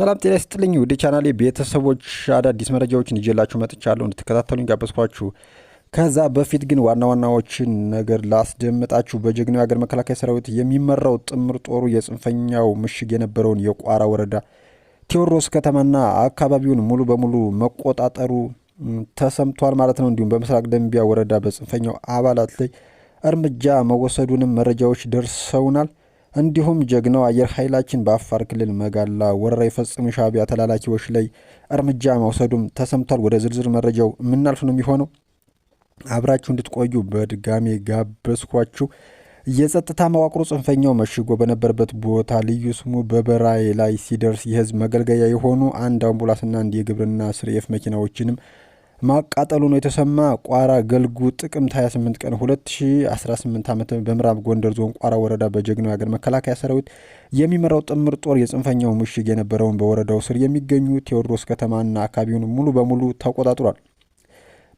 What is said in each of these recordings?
ሰላም ጤና ይስጥልኝ። ውድ ቻናሌ ቤተሰቦች አዳዲስ መረጃዎችን ይዤላችሁ መጥቻለሁ እንድትከታተሉኝ ጋበዝኳችሁ። ከዛ በፊት ግን ዋና ዋናዎችን ነገር ላስደምጣችሁ። በጀግናው የሀገር መከላከያ ሰራዊት የሚመራው ጥምር ጦሩ የጽንፈኛው ምሽግ የነበረውን የቋራ ወረዳ ቴዎድሮስ ከተማና አካባቢውን ሙሉ በሙሉ መቆጣጠሩ ተሰምቷል ማለት ነው። እንዲሁም በምስራቅ ደንቢያ ወረዳ በጽንፈኛው አባላት ላይ እርምጃ መወሰዱንም መረጃዎች ደርሰውናል። እንዲሁም ጀግናው አየር ኃይላችን በአፋር ክልል መጋላ ወረራ የፈጸሙ ሻቢያ ተላላኪዎች ላይ እርምጃ መውሰዱም ተሰምቷል። ወደ ዝርዝር መረጃው የምናልፍ ነው የሚሆነው። አብራችሁ እንድትቆዩ በድጋሜ ጋበዝኳችሁ። የጸጥታ መዋቅሩ ጽንፈኛው መሽጎ በነበረበት ቦታ ልዩ ስሙ በበራይ ላይ ሲደርስ የህዝብ መገልገያ የሆኑ አንድ አምቡላንስና አንድ የግብርና ስርኤፍ መኪናዎችንም ማቃጠሉ ነው የተሰማ። ቋራ ገልጉ ጥቅምት 28 ቀን 2018 ዓ በምዕራብ ጎንደር ዞን ቋራ ወረዳ በጀግናው የአገር መከላከያ ሰራዊት የሚመራው ጥምር ጦር የጽንፈኛው ምሽግ የነበረውን በወረዳው ስር የሚገኙ ቴዎድሮስ ከተማና አካባቢውን ሙሉ በሙሉ ተቆጣጥሯል።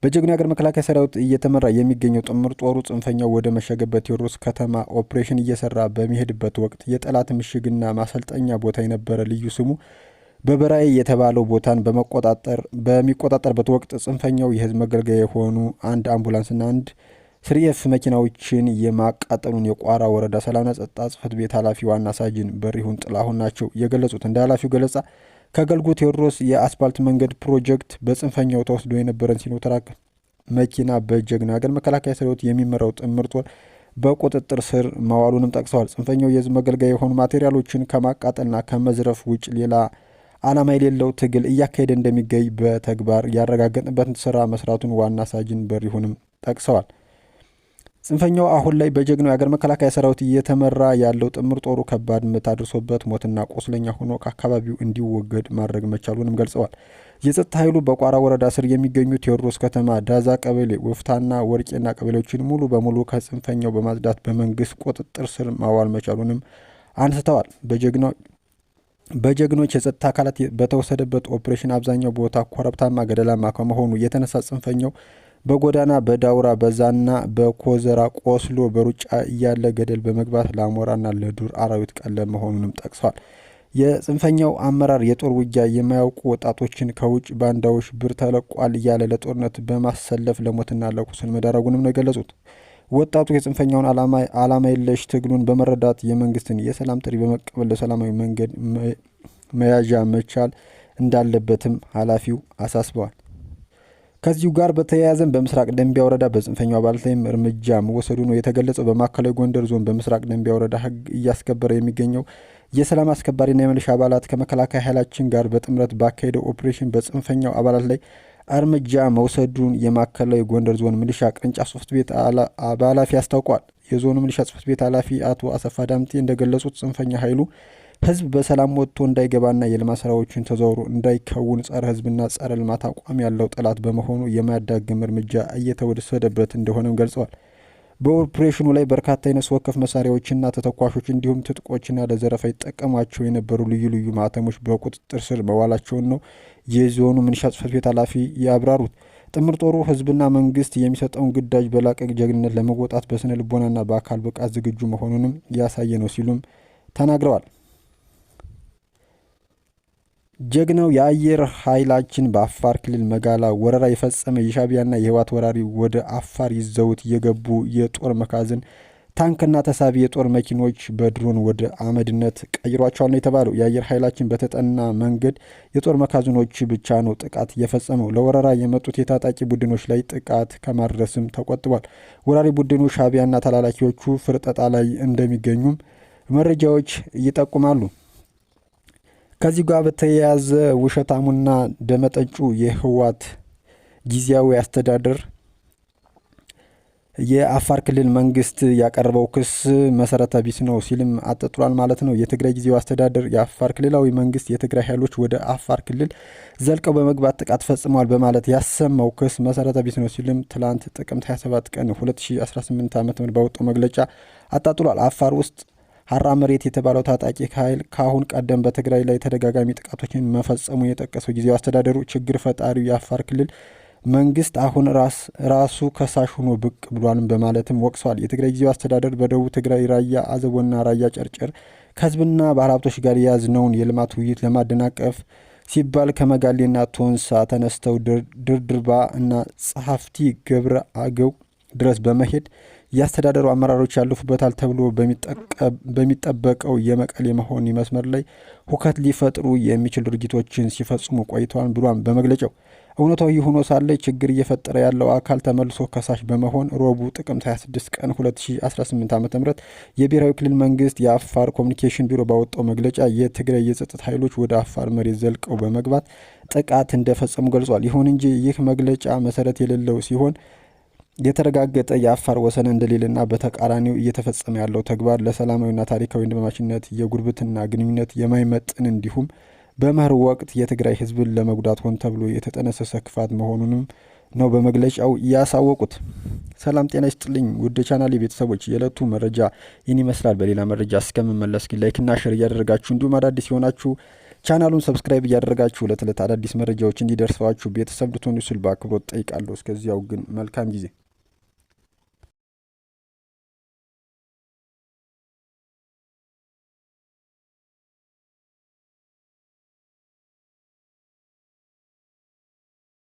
በጀግናው የአገር መከላከያ ሰራዊት እየተመራ የሚገኘው ጥምር ጦሩ ጽንፈኛው ወደ መሸገበት ቴዎድሮስ ከተማ ኦፕሬሽን እየሰራ በሚሄድበት ወቅት የጠላት ምሽግና ማሰልጠኛ ቦታ የነበረ ልዩ ስሙ በበራይ የተባለው ቦታን በመቆጣጠር በሚቆጣጠርበት ወቅት ጽንፈኛው የህዝብ መገልገያ የሆኑ አንድ አምቡላንስና አንድ ስርየፍ መኪናዎችን የማቃጠሉን የቋራ ወረዳ ሰላምና ጸጥታ ጽህፈት ቤት ኃላፊ ዋና ሳጅን በሪሁን ጥላሁን ናቸው የገለጹት። እንደ ኃላፊው ገለጻ ከአገልጉ ቴዎድሮስ የአስፓልት መንገድ ፕሮጀክት በጽንፈኛው ተወስዶ የነበረን ሲኖትራክ መኪና በጀግና ሀገር መከላከያ ሰራዊት የሚመራው ጥምር ጦር በቁጥጥር ስር መዋሉንም ጠቅሰዋል። ጽንፈኛው የህዝብ መገልገያ የሆኑ ማቴሪያሎችን ከማቃጠልና ከመዝረፍ ውጭ ሌላ ዓላማ የሌለው ትግል እያካሄደ እንደሚገኝ በተግባር ያረጋገጥንበትን ስራ መስራቱን ዋና ሳጅን በሪሁንም ጠቅሰዋል። ጽንፈኛው አሁን ላይ በጀግናው የአገር መከላከያ ሰራዊት እየተመራ ያለው ጥምር ጦሩ ከባድ ምት አድርሶበት ሞትና ቁስለኛ ሆኖ ከአካባቢው እንዲወገድ ማድረግ መቻሉንም ገልጸዋል። የጸጥታ ኃይሉ በቋራ ወረዳ ስር የሚገኙ ቴዎድሮስ ከተማ፣ ዳዛ ቀበሌ፣ ወፍታና ወርቄና ቀበሌዎችን ሙሉ በሙሉ ከጽንፈኛው በማጽዳት በመንግስት ቁጥጥር ስር ማዋል መቻሉንም አንስተዋል። በጀግናው በጀግኖች የጸጥታ አካላት በተወሰደበት ኦፕሬሽን አብዛኛው ቦታ ኮረብታማ ገደላማ ከመሆኑ የተነሳ ጽንፈኛው በጎዳና በዳውራ በዛና በኮዘራ ቆስሎ በሩጫ እያለ ገደል በመግባት ለአሞራና ለዱር አራዊት ቀለ መሆኑንም ጠቅሷል። የጽንፈኛው አመራር የጦር ውጊያ የማያውቁ ወጣቶችን ከውጭ ባንዳዎች ብር ተለቋል እያለ ለጦርነት በማሰለፍ ለሞትና ለቁስል መዳረጉንም ነው የገለጹት። ወጣቱ የጽንፈኛውን ዓላማ የለሽ ትግሉን በመረዳት የመንግስትን የሰላም ጥሪ በመቀበል ለሰላማዊ መንገድ መያዣ መቻል እንዳለበትም ኃላፊው አሳስበዋል። ከዚሁ ጋር በተያያዘም በምስራቅ ደንቢያ ወረዳ በጽንፈኛው አባላት ላይም እርምጃ መወሰዱ ነው የተገለጸው። በማዕከላዊ ጎንደር ዞን በምስራቅ ደንቢያ ወረዳ ህግ እያስከበረ የሚገኘው የሰላም አስከባሪና የመልሻ አባላት ከመከላከያ ኃይላችን ጋር በጥምረት ባካሄደው ኦፕሬሽን በጽንፈኛው አባላት ላይ እርምጃ መውሰዱን የማዕከላዊ ጎንደር ዞን ሚሊሻ ቅርንጫፍ ጽሕፈት ቤት በኃላፊ አስታውቋል። የዞኑ ሚሊሻ ጽሕፈት ቤት ኃላፊ አቶ አሰፋ ዳምጤ እንደገለጹት ጽንፈኛ ኃይሉ ህዝብ በሰላም ወጥቶ እንዳይገባና የልማት ስራዎችን ተዘውሮ እንዳይከውን ጸረ ህዝብና ጸረ ልማት አቋም ያለው ጠላት በመሆኑ የማያዳግም እርምጃ እየተወሰደበት እንደሆነም ገልጸዋል። በኦፕሬሽኑ ላይ በርካታ የነፍስ ወከፍ መሳሪያዎችና ተተኳሾች እንዲሁም ትጥቆችና ለዘረፋ ይጠቀሟቸው የነበሩ ልዩ ልዩ ማህተሞች በቁጥጥር ስር መዋላቸውን ነው የዞኑ ምንሻ ጽሕፈት ቤት ኃላፊ ያብራሩት። ጥምር ጦሩ ህዝብና መንግስት የሚሰጠውን ግዳጅ በላቀ ጀግንነት ለመወጣት በስነ ልቦናና በአካል ብቃት ዝግጁ መሆኑንም ያሳየ ነው ሲሉም ተናግረዋል። ጀግናው የአየር ኃይላችን በአፋር ክልል መጋላ ወረራ የፈጸመ የሻቢያና የህወሓት ወራሪ ወደ አፋር ይዘውት የገቡ የጦር መጋዘን ታንክና ተሳቢ የጦር መኪኖች በድሮን ወደ አመድነት ቀይሯቸዋል ነው የተባለው። የአየር ኃይላችን በተጠና መንገድ የጦር መጋዘኖች ብቻ ነው ጥቃት የፈጸመው። ለወረራ የመጡት የታጣቂ ቡድኖች ላይ ጥቃት ከማድረስም ተቆጥቧል። ወራሪ ቡድኑ ሻቢያና ተላላኪዎቹ ፍርጠጣ ላይ እንደሚገኙም መረጃዎች ይጠቁማሉ። ከዚህ ጋር በተያያዘ ውሸታሙና ደመጠጩ የህወሓት ጊዜያዊ አስተዳደር የአፋር ክልል መንግስት ያቀረበው ክስ መሰረተ ቢስ ነው ሲልም አጠጥሏል ማለት ነው። የትግራይ ጊዜያዊ አስተዳደር የአፋር ክልላዊ መንግስት የትግራይ ኃይሎች ወደ አፋር ክልል ዘልቀው በመግባት ጥቃት ፈጽመዋል በማለት ያሰማው ክስ መሰረተ ቢስ ነው ሲልም ትላንት ጥቅምት 27 ቀን 2018 ዓ ም ባወጣው መግለጫ አጣጥሏል። አፋር ውስጥ ሀራ መሬት የተባለው ታጣቂ ኃይል ከአሁን ቀደም በትግራይ ላይ ተደጋጋሚ ጥቃቶችን መፈጸሙ የጠቀሰው ጊዜው አስተዳደሩ ችግር ፈጣሪው የአፋር ክልል መንግስት አሁን ራሱ ከሳሽ ሆኖ ብቅ ብሏልም በማለትም ወቅሰዋል። የትግራይ ጊዜው አስተዳደር በደቡብ ትግራይ ራያ አዘቦና ራያ ጨርጨር ከህዝብና ባለሀብቶች ጋር የያዝነውን የልማት ውይይት ለማደናቀፍ ሲባል ከመጋሌና ቶንሳ ተነስተው ድርድርባ እና ጸሐፍቲ ገብረ አገው ድረስ በመሄድ የአስተዳደሩ አመራሮች ያለፉበታል ተብሎ በሚጠበቀው የመቀሌ መሆኒ መስመር ላይ ሁከት ሊፈጥሩ የሚችል ድርጊቶችን ሲፈጽሙ ቆይተዋል ብሏል በመግለጫው። እውነታዊ ሆኖ ሳለ ችግር እየፈጠረ ያለው አካል ተመልሶ ከሳሽ በመሆን ሮቡ ጥቅምት 26 ቀን 2018 ዓ ም የብሔራዊ ክልል መንግስት የአፋር ኮሚኒኬሽን ቢሮ ባወጣው መግለጫ የትግራይ የጸጥታ ኃይሎች ወደ አፋር መሬት ዘልቀው በመግባት ጥቃት እንደፈጸሙ ገልጿል። ይሁን እንጂ ይህ መግለጫ መሰረት የሌለው ሲሆን የተረጋገጠ የአፋር ወሰን እንደሌለና በተቃራኒው እየተፈጸመ ያለው ተግባር ለሰላማዊና ታሪካዊ ወንድማማችነት የጉርብትና ግንኙነት የማይመጥን እንዲሁም በመኸር ወቅት የትግራይ ህዝብን ለመጉዳት ሆን ተብሎ የተጠነሰሰ ክፋት መሆኑንም ነው በመግለጫው ያሳወቁት። ሰላም ጤና ይስጥልኝ ውድ ቻናሌ ቤተሰቦች፣ የዕለቱ መረጃ ይህን ይመስላል። በሌላ መረጃ እስከምመለስ ግን ላይክና ሸር እያደረጋችሁ እንዲሁም አዳዲስ የሆናችሁ ቻናሉን ሰብስክራይብ እያደረጋችሁ ዕለት ዕለት አዳዲስ መረጃዎች እንዲደርሰዋችሁ ቤተሰብ ልትሆኑ ስል በአክብሮት ጠይቃለሁ። እስከዚያው ግን መልካም ጊዜ